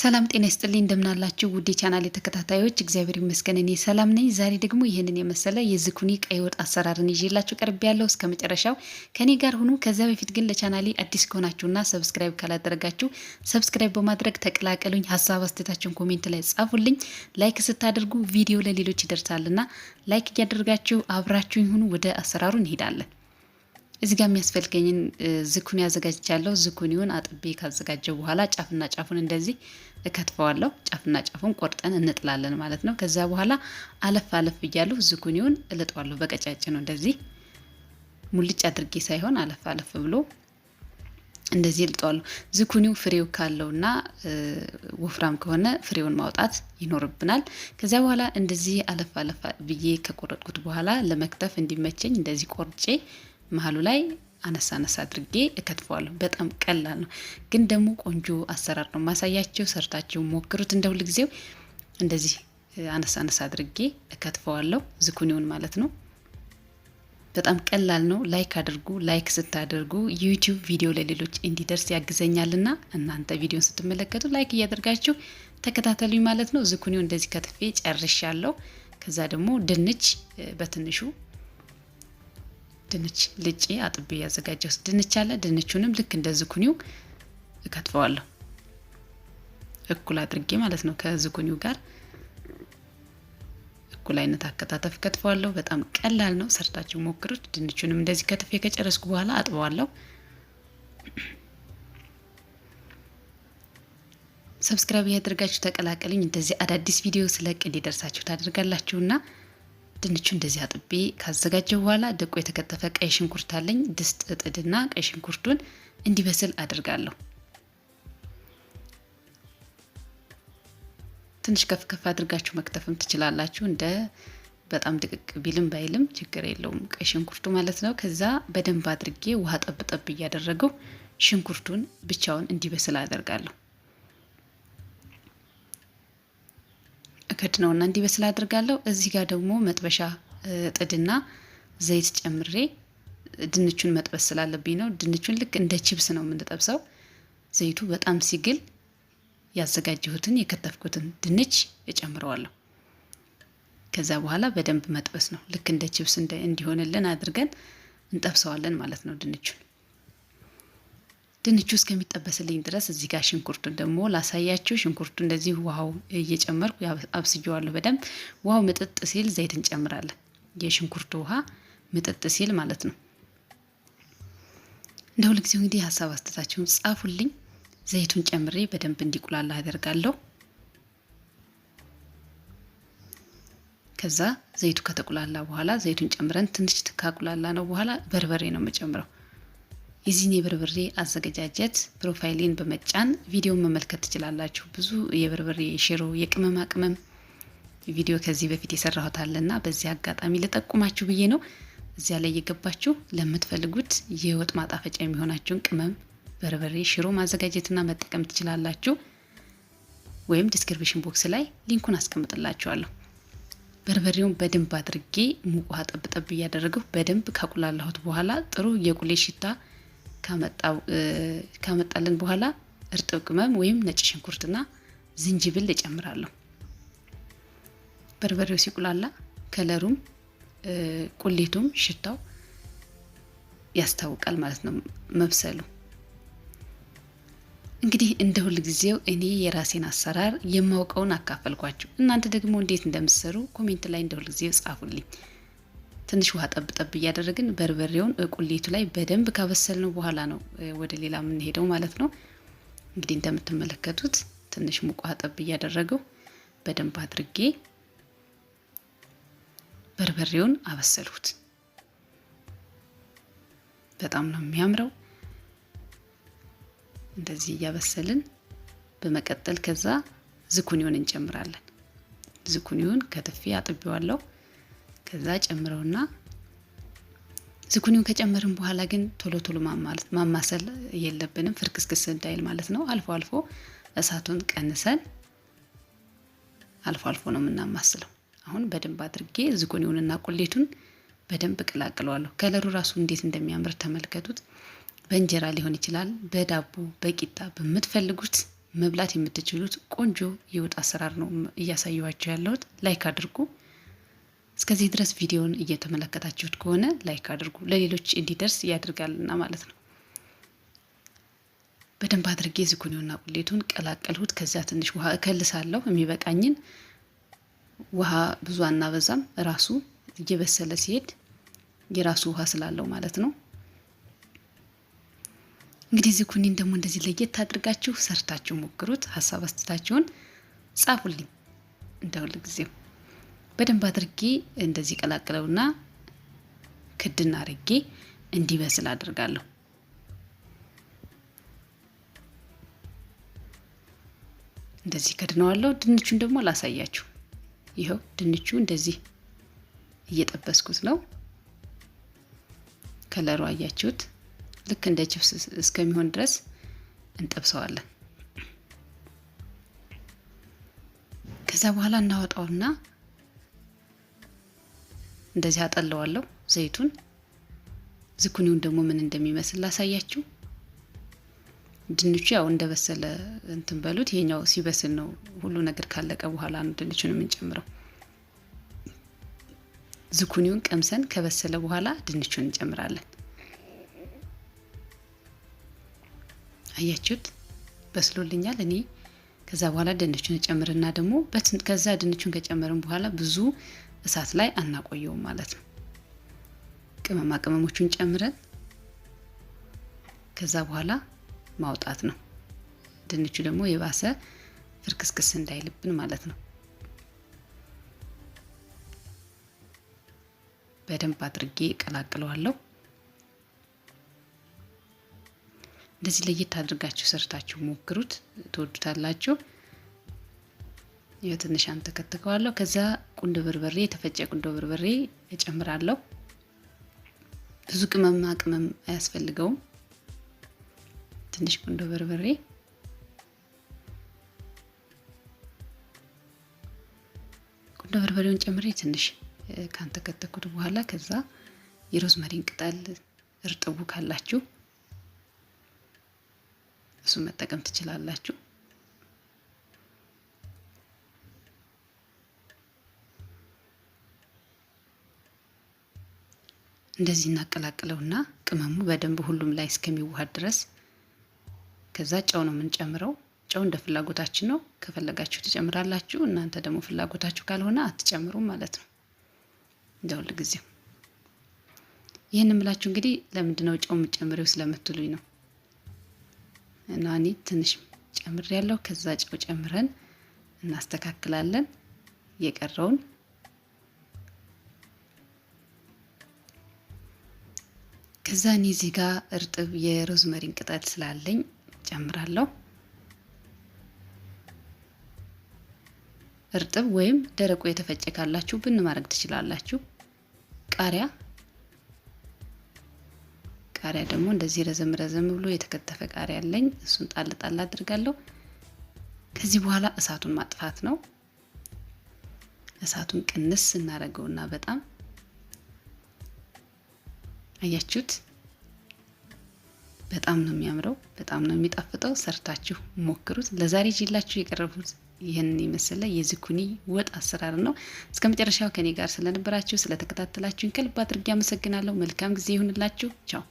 ሰላም ጤና ይስጥልኝ እንደምናላችሁ ውድ ቻናል ተከታታዮች፣ እግዚአብሔር ይመስገን እኔ ሰላም ነኝ። ዛሬ ደግሞ ይህንን የመሰለ የዝኩኒ ቀይ ወጥ አሰራርን ይዤላችሁ ቀርብ ያለው እስከ መጨረሻው ከኔ ጋር ሁኑ። ከዚያ በፊት ግን ለቻናሌ አዲስ ከሆናችሁና ሰብስክራይብ ካላደረጋችሁ ሰብስክራይብ በማድረግ ተቀላቀሉኝ። ሀሳብ አስተያየታችሁን ኮሜንት ላይ ጻፉልኝ። ላይክ ስታደርጉ ቪዲዮ ለሌሎች ይደርሳልና ላይክ እያደረጋችሁ አብራችሁኝ ሁኑ። ወደ አሰራሩ እንሄዳለን። እዚህ ጋር የሚያስፈልገኝን ዝኩኒ አዘጋጅቻለሁ። ዝኩኒውን አጥቤ ካዘጋጀው በኋላ ጫፍና ጫፉን እንደዚህ እከትፈዋለሁ። ጫፍና ጫፉን ቆርጠን እንጥላለን ማለት ነው። ከዚያ በኋላ አለፍ አለፍ እያለሁ ዝኩኒውን እልጠዋለሁ። በቀጫጭ ነው እንደዚህ ሙልጭ አድርጌ ሳይሆን አለፍ አለፍ ብሎ እንደዚህ እልጠዋለሁ። ዝኩኒው ፍሬው ካለውና ወፍራም ከሆነ ፍሬውን ማውጣት ይኖርብናል። ከዚያ በኋላ እንደዚህ አለፍ አለፍ ብዬ ከቆረጥኩት በኋላ ለመክተፍ እንዲመቸኝ እንደዚህ ቆርጬ መሀሉ ላይ አነሳ አነሳ አድርጌ እከትፈዋለሁ። በጣም ቀላል ነው፣ ግን ደግሞ ቆንጆ አሰራር ነው ማሳያቸው። ሰርታችሁ ሞክሩት። እንደ ጊዜው እንደዚህ አነሳ አነሳ አድርጌ እከትፈዋለሁ፣ ዝኩኒውን ማለት ነው። በጣም ቀላል ነው። ላይክ አድርጉ። ላይክ ስታደርጉ ዩቲዩብ ቪዲዮ ለሌሎች እንዲደርስ ያግዘኛልና እናንተ ቪዲዮን ስትመለከቱ ላይክ እያደርጋችሁ ተከታተሉኝ ማለት ነው። ዝኩኒው እንደዚህ ከትፌ ጨርሻለሁ። ከዛ ደግሞ ድንች በትንሹ ድንች ልጭ አጥቤ ያዘጋጀሁት ድንች አለ። ድንቹንም ልክ እንደ ዝኩኒው እከትፈዋለሁ እኩል አድርጌ ማለት ነው። ከዝኩኒው ጋር እኩል አይነት አከታተፍ ከትፈዋለሁ። በጣም ቀላል ነው፣ ሰርታችሁ ሞክሩት። ድንቹንም እንደዚህ ከትፌ ከጨረስኩ በኋላ አጥበዋለሁ። ሰብስክራይብ ያደርጋችሁ ተቀላቀልኝ። እንደዚህ አዳዲስ ቪዲዮ ስለቅ እንዲደርሳችሁ ታደርጋላችሁና ድንቹ እንደዚህ አጥቤ ካዘጋጀው በኋላ ደቆ የተከተፈ ቀይ ሽንኩርት አለኝ። ድስት እጥድና ቀይ ሽንኩርቱን እንዲበስል አድርጋለሁ። ትንሽ ከፍከፍ አድርጋችሁ መክተፍም ትችላላችሁ። እንደ በጣም ድቅቅ ቢልም ባይልም ችግር የለውም፣ ቀይ ሽንኩርቱ ማለት ነው። ከዛ በደንብ አድርጌ ውሃ ጠብጠብ እያደረገው ሽንኩርቱን ብቻውን እንዲበስል አደርጋለሁ። እከድ እና እንዲበስል አድርጋለሁ። እዚህ ጋር ደግሞ መጥበሻ ጥድና ዘይት ጨምሬ ድንቹን መጥበስ ስላለብኝ ነው። ድንቹን ልክ እንደ ችብስ ነው የምንጠብሰው። ዘይቱ በጣም ሲግል ያዘጋጀሁትን የከተፍኩትን ድንች እጨምረዋለሁ። ከዛ በኋላ በደንብ መጥበስ ነው። ልክ እንደ ችብስ እንዲሆንልን አድርገን እንጠብሰዋለን ማለት ነው ድንቹን ድንቹ እስከሚጠበስልኝ ድረስ እዚህ ጋር ሽንኩርቱን ደግሞ ላሳያችሁ። ሽንኩርቱ እንደዚህ ውሃው እየጨመርኩ አብስየዋለሁ በደንብ። ውሃው ምጥጥ ሲል ዘይት እንጨምራለን። የሽንኩርቱ ውሃ ምጥጥ ሲል ማለት ነው። እንደ ሁልጊዜው እንግዲህ ሀሳብ አስተታችሁን ጻፉልኝ። ዘይቱን ጨምሬ በደንብ እንዲቁላላ አደርጋለሁ። ከዛ ዘይቱ ከተቁላላ በኋላ ዘይቱን ጨምረን ትንሽ ካቁላላ ነው በኋላ በርበሬ ነው የምጨምረው። የዚህን የበርበሬ አዘገጃጀት ፕሮፋይሌን በመጫን ቪዲዮን መመልከት ትችላላችሁ። ብዙ የበርበሬ የሽሮ፣ የቅመማ ቅመም ቪዲዮ ከዚህ በፊት የሰራሁታል አለና በዚህ አጋጣሚ ልጠቁማችሁ ብዬ ነው። እዚያ ላይ የገባችሁ ለምትፈልጉት የወጥ ማጣፈጫ የሚሆናችሁን ቅመም፣ በርበሬ፣ ሽሮ ማዘጋጀትና መጠቀም ትችላላችሁ። ወይም ዲስክሪፕሽን ቦክስ ላይ ሊንኩን አስቀምጥላችኋለሁ። በርበሬውን በደንብ አድርጌ ሙቅ ውሃ ጠብጠብ እያደረገው በደንብ ካቁላላሁት በኋላ ጥሩ የቁሌ ሽታ ካመጣልን በኋላ እርጥብ ቅመም ወይም ነጭ ሽንኩርትና ዝንጅብል እጨምራለሁ። በርበሬው ሲቁላላ ከለሩም ቁሌቱም ሽታው ያስታውቃል ማለት ነው መብሰሉ። እንግዲህ እንደ ሁል ጊዜው እኔ የራሴን አሰራር የማውቀውን አካፈልኳችሁ። እናንተ ደግሞ እንዴት እንደምትሰሩ ኮሜንት ላይ እንደ ሁል ጊዜው ጻፉልኝ። ትንሽ ውሃ ጠብጠብ እያደረግን በርበሬውን ቁሌቱ ላይ በደንብ ካበሰልነው በኋላ ነው ወደ ሌላ የምንሄደው ማለት ነው። እንግዲህ እንደምትመለከቱት ትንሽ ሙቅ ውሃ ጠብ እያደረገው በደንብ አድርጌ በርበሬውን አበሰልሁት። በጣም ነው የሚያምረው። እንደዚህ እያበሰልን በመቀጠል ከዛ ዝኩኒውን እንጨምራለን። ዝኩኒውን ከትፌ አጥቤዋለሁ። ከዛ ጨምረውና ዝኩኒውን ከጨመርን በኋላ ግን ቶሎ ቶሎ ማማሰል የለብንም፣ ፍርክስክስ እንዳይል ማለት ነው። አልፎ አልፎ እሳቱን ቀንሰን አልፎ አልፎ ነው የምናማስለው። አሁን በደንብ አድርጌ ዝኩኒውንና ቁሌቱን በደንብ እቀላቅለዋለሁ። ከለሩ ራሱ እንዴት እንደሚያምር ተመልከቱት። በእንጀራ ሊሆን ይችላል፣ በዳቦ በቂጣ በምትፈልጉት መብላት የምትችሉት ቆንጆ የወጥ አሰራር ነው እያሳየኋቸው ያለሁት። ላይክ አድርጉ። እስከዚህ ድረስ ቪዲዮን እየተመለከታችሁት ከሆነ ላይክ አድርጉ፣ ለሌሎች እንዲደርስ ያደርጋልና ማለት ነው። በደንብ አድርጌ ዝኩኒውና ቁሌቱን ቀላቀልሁት። ከዚያ ትንሽ ውሃ እከልሳለሁ፣ የሚበቃኝን ውሃ ብዙ አናበዛም። ራሱ እየበሰለ ሲሄድ የራሱ ውሃ ስላለው ማለት ነው። እንግዲህ ዝኩኒን ደግሞ እንደዚህ ለየት አድርጋችሁ ሰርታችሁ ሞክሩት። ሀሳብ አስተታችሁን ጻፉልኝ እንደ ጊዜው። በደንብ አድርጌ እንደዚህ ቀላቅለውና ክድና አድርጌ እንዲበስል አድርጋለሁ። እንደዚህ ከድነዋለሁ። ድንቹን ደግሞ ላሳያችሁ። ይኸው ድንቹ እንደዚህ እየጠበስኩት ነው። ከለሩ አያችሁት። ልክ እንደ ችፕስ እስከሚሆን ድረስ እንጠብሰዋለን። ከዛ በኋላ እናወጣውና እንደዚህ አጠለዋለሁ ዘይቱን። ዝኩኒውን ደግሞ ምን እንደሚመስል ላሳያችሁ። ድንቹ ያው እንደበሰለ እንትን በሉት። ይሄኛው ሲበስል ነው ሁሉ ነገር ካለቀ በኋላ ነው ድንቹን የምንጨምረው። ዝኩኒውን ቀምሰን ከበሰለ በኋላ ድንቹን እንጨምራለን። አያችሁት? በስሎልኛል። እኔ ከዛ በኋላ ድንቹን እጨምርና ደግሞ ከዛ ድንቹን ከጨመርን በኋላ ብዙ እሳት ላይ አናቆየውም ማለት ነው። ቅመማ ቅመሞቹን ጨምረን ከዛ በኋላ ማውጣት ነው። ድንቹ ደግሞ የባሰ ፍርክስክስ እንዳይልብን ማለት ነው። በደንብ አድርጌ ቀላቅለዋለሁ። እንደዚህ ለየት አድርጋችሁ ሰርታችሁ ሞክሩት፣ ትወዱታላችሁ። ይኸው ትንሽ አንተከትከዋለሁ ከዛ ቁንዶ በርበሬ የተፈጨ ቁንዶ በርበሬ እጨምራለሁ። ብዙ ቅመማ ቅመም አያስፈልገውም። ትንሽ ቁንዶ በርበሬ ቁንዶ በርበሬውን ጨምሬ ትንሽ ካንተከተኩት በኋላ ከዛ የሮዝመሪን ቅጠል እርጥቡ ካላችሁ እሱን መጠቀም ትችላላችሁ። እንደዚህ እናቀላቅለውና ቅመሙ በደንብ ሁሉም ላይ እስከሚዋሃድ ድረስ ከዛ ጨው ነው የምንጨምረው። ጨው እንደ ፍላጎታችን ነው። ከፈለጋችሁ ትጨምራላችሁ። እናንተ ደግሞ ፍላጎታችሁ ካልሆነ አትጨምሩም ማለት ነው። እንደ ሁል ጊዜው ይህን የምላችሁ እንግዲህ ለምንድነው ጨው የምጨምሬው ስለምትሉኝ ነው። እና እኔ ትንሽ ጨምር ያለው ከዛ ጨው ጨምረን እናስተካክላለን የቀረውን ከዛ እኔ እዚህ ጋ እርጥብ የሮዝመሪን ቅጠል ስላለኝ ጨምራለሁ። እርጥብ ወይም ደረቁ የተፈጨ ካላችሁ ብን ማድረግ ትችላላችሁ። ቃሪያ ቃሪያ ደግሞ እንደዚህ ረዘም ረዘም ብሎ የተከተፈ ቃሪያ አለኝ። እሱን ጣል ጣል አድርጋለሁ። ከዚህ በኋላ እሳቱን ማጥፋት ነው። እሳቱን ቅንስ እናደርገውና በጣም አያችሁት? በጣም ነው የሚያምረው፣ በጣም ነው የሚጣፍጠው። ሰርታችሁ ሞክሩት። ለዛሬ ጅላችሁ የቀረቡት ይህንን የመሰለ የዝኩኒ ወጥ አሰራር ነው። እስከ መጨረሻው ከኔ ጋር ስለነበራችሁ ስለተከታተላችሁን ከልብ አድርጌ አመሰግናለሁ። መልካም ጊዜ ይሁንላችሁ። ቻው